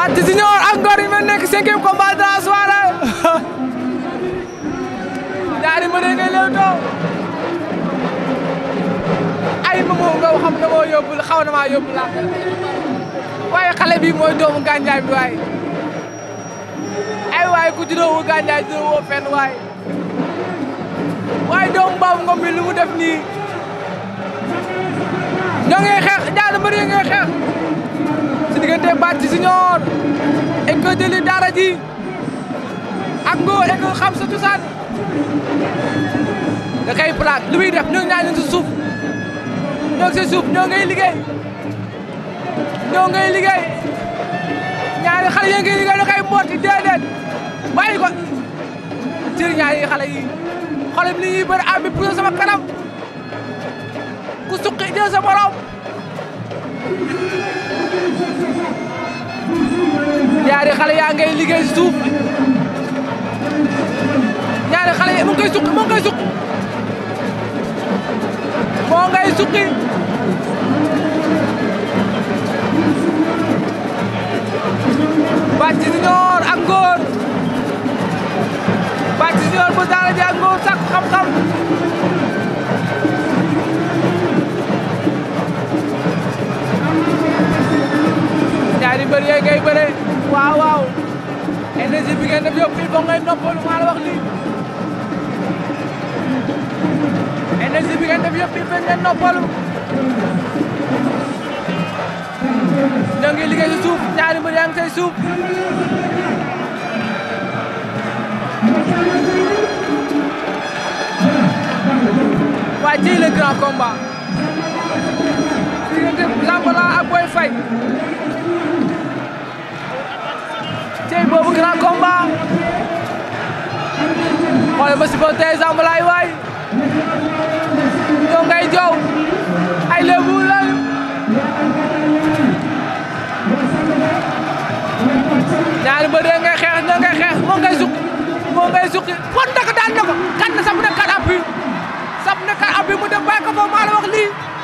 Bathie Junior ak Ngor ñu nekk cinquième combat de la soirée ñaari mbër yi ngay léewtoo ay momo nga xam ne moo yóbbu xaw na maa yóbbu laa waaye bi mooy doomu gànjaay bi waaye ay waaye ku juróowu gànjaay juróowoo fenn waaye waaye doomu baabu ngom bi lu def nii diggante Bathie Junior école jëli daara ji ak Ngor école xam sa cosaan da koy plaque li muy def ñoo ngi ñaan leen si suuf ñoo ngi si suuf ñoo ngay liggéey ñoo ngay liggéey ñaari xale yi ngay liggéey da koy booti déedéet bàyyi ko jër ñaari xale yi xolam li ñuy bëri am bi pour sama kanam ku suqi jël sa borom ñaari xale yaa ngay liggéey si ñaari xale yi mu ngi koy mu ngi koy suq moo ngay suqi ñoo bi ba ngay noppalu maa la wax lii énergie bi ngeen def yëpp bi bañ ngeen noppalu liggéey suuf ñaari mbir yaa ngi suuf waa ci le grand combat diggante Lambalan ak Boy Faye cey boobu grand combat supporter Zambalaay waay ñoo ay lébu lan ñaari mbër yi xeex ñoo ngay xeex moo ngay sukk sukki kon naka na ko kan na sab na kat appui sab na kat appui mu dem bàyyi ko foofu maa lii